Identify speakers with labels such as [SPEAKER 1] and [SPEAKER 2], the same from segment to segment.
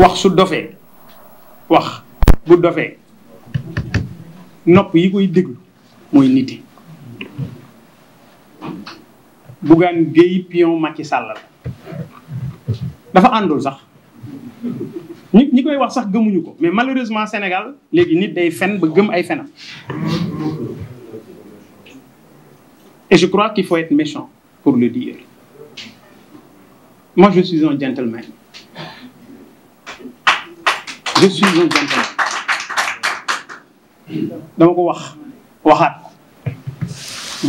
[SPEAKER 1] wax su dofee wax bu dofee nopp yi koy déglu mooy nite Bougane Gueye pion Macky Sall la dafa àndul sax ñi ñi koy wax sax gëmuñu ko mais malheureusement Sénégal léegi nit day fen ba gëm ay fenam et je crois qu'il faut être méchant pour le dire moi je suis un gentleman je dama ko wax waxaat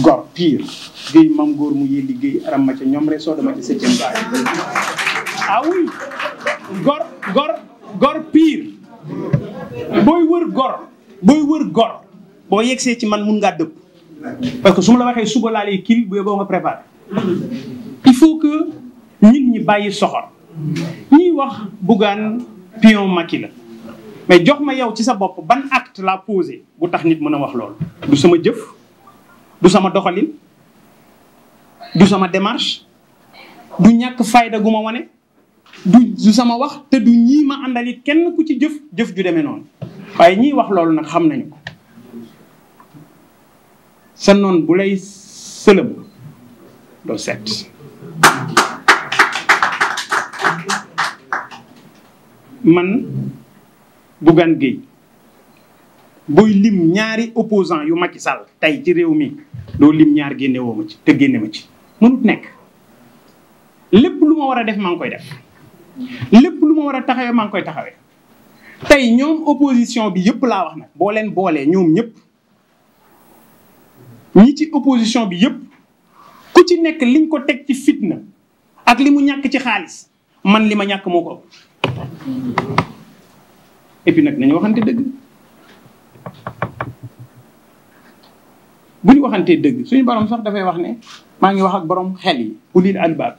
[SPEAKER 1] gor pire géej mam góor mu yee liggéey aram ma ca ñoom rek soo dama ci septième baay ah oui gor gor gor pire booy wër gor booy wër gor boo yegsee ci man mun ngaa dëpp parce que su ma la waxee suba laa lay kii bu yeboo nga préparé il faut que nit ñi bàyyi soxor ñiy wax buggaan pion Macky la mais jox ma yow ci sa bopp ban acte la posé bu tax nit mën a wax lool du sama jëf du sama doxalin du sama demarche du ñàkk fayda gu ma wane du sama wax te du ñii ma àndali kenn ku ci jëf jëf ju demee noonu waaye ñiy wax loolu nag xam nañu ko sa noon bu lay sëlëm doo seet man bu Bougane Gueye booy lim ñaari opposant yu Macky Sall tey ci réew mi doo lim ñaar génne woo ma ci te génne ma ci mënut nekk lépp lu ma war a def maa ngi koy def lépp lu ma war a taxawee maa ngi koy taxawee tey ñoom opposition bi yëpp laa wax na boo leen boolee ñoom ñëpp ñi ci opposition bi yëpp ku ci nekk liñ ko teg ci fitna ak li mu ñàkk ci xaalis man li ma ñàkk moo ko et puis nag nañu waxante dëgg bu ñu waxantee dëgg suñu borom sax dafay wax ne maa ngi wax ak borom xel yi ulil baat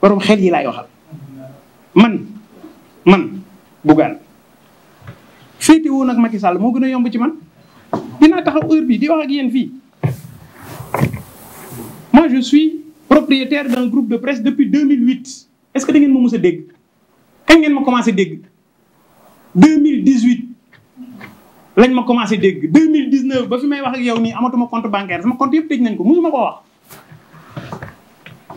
[SPEAKER 1] borom xel yi laay waxal man man Bougane féete woon ak Macky Sall moo gën a yomb ci man dinaa taxaw heure bi di wax ak yéen fii moi je suis propriétaire d'un groupe de presse depuis 2008 est-ce que da ngeen ma mës a dégg kañ ngeen ma commencé dégg deux mille dix huit lañ ma commencé dégg deux mille dix neuf ba fi may wax ak yow nii amatuma compte bancaire sama compte yëpp tëj nañ ko mosuma koo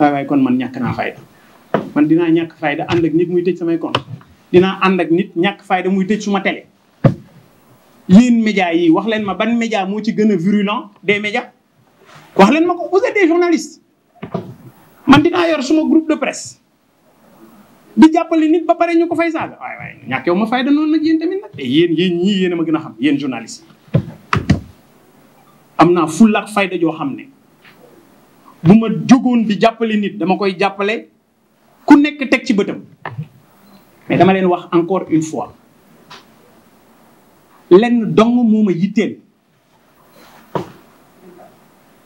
[SPEAKER 1] wax. kon man ñàkk naa dinaa ñàkk fayda ànd ak nit muy tëj samay compte dinaa ànd ak nit ñàkk fayda muy tëj suma télé. yéen média yi wax leen ma ban média moo ci gën a virulent de médias wax leen ma ko vous êtes des journalistes man dinaa yor suma groupe de presse. jàppale nit ba pare ñu ko fay saaga waaye waaye ñàkk yow ma fayda noonu nag yéen tamit eh, yéen yéen ñii yéen a ma gën a xam yéen journaliste am na fulla fayda joo xam ne bu ma jógoon di jàppale nit dama koy jàppale ku nekk teg ci bëtam mais dama leen wax encore une fois lenn dong moo ma yitteel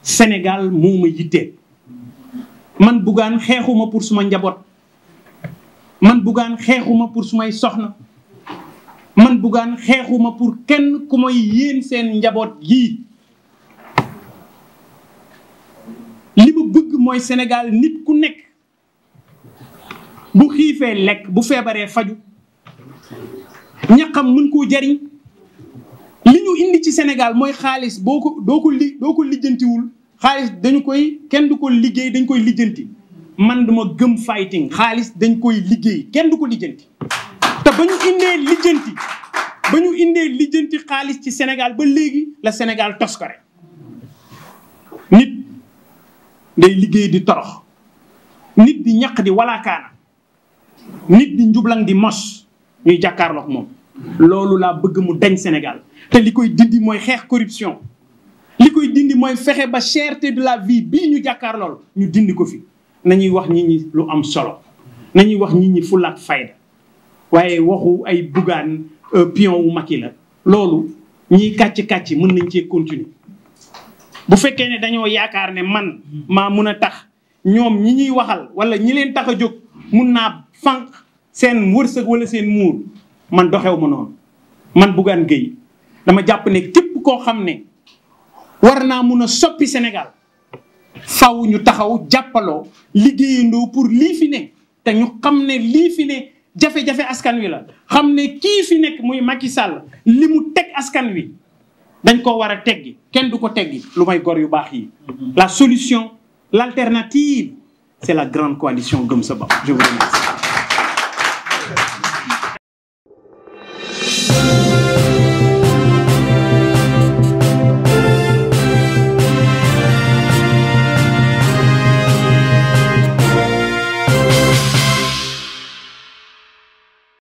[SPEAKER 1] Sénégal moo ma man buggaan xeexuma pour suma njaboot man buggaan xeexuma pour su may soxna man buggaan xeexuma pour kenn ku may yéen seen njaboot yii li ma bëgg mooy Sénégal nit ku nekk bu xiifee lekk bu feebaree faju ñaqam mën koo jariñ li ñu indi ci Sénégal mooy xaalis boo ko doo ko li doo ko lijjantiwul xaalis dañu koy kenn du ko liggéey dañ koy lijjanti man dama gëm fighting xaalis dañ koy liggéey kenn du ko lijjanti te ba ñu indee lijjanti ba ñu indee lijjanti xaalis ci Sénégal ba léegi la Sénégal tos nit day liggéey di torox nit di ñaq di walaakaana nit di njublang di mos ñuy jàkkaarloog moom loolu laa bëgg mu dañ Sénégal te li koy dindi mooy xeex corruption li koy dindi mooy fexe ba cherté de la vie bi ñu jàkkaarlool ñu dindi ko fi nañuy wax nit lu am solo nañuy wax nit ñi fulla fayda waaye waxu ay bugaan euh, pion wu Macky la loolu ñiy kàcc-kàcc mën nañ cee continuer bu fekkee ne dañoo yaakaar ne man maa mun a tax ñoom ñi ñuy waxal wala ñi leen tax a jóg mun naa fànq seen wërsëg wala seen muur man doxew ma noonu man buggaan Gueye dama jàpp ne képp koo xam ne war naa mun a soppi Sénégal faw ñu taxaw jàppaloo liggéeyandoo pour lii fi ne te ñu xam ne lii fi ne jafe-jafe askan wi la xam ne kii fi nekk muy Macky Sall li mu teg askan wi dañ ko war a teggi kenn du ko teggi lu may gor yu baax yi mhm. la solution l'alternative c'est la grande coalition Gëm sa Bopp je vous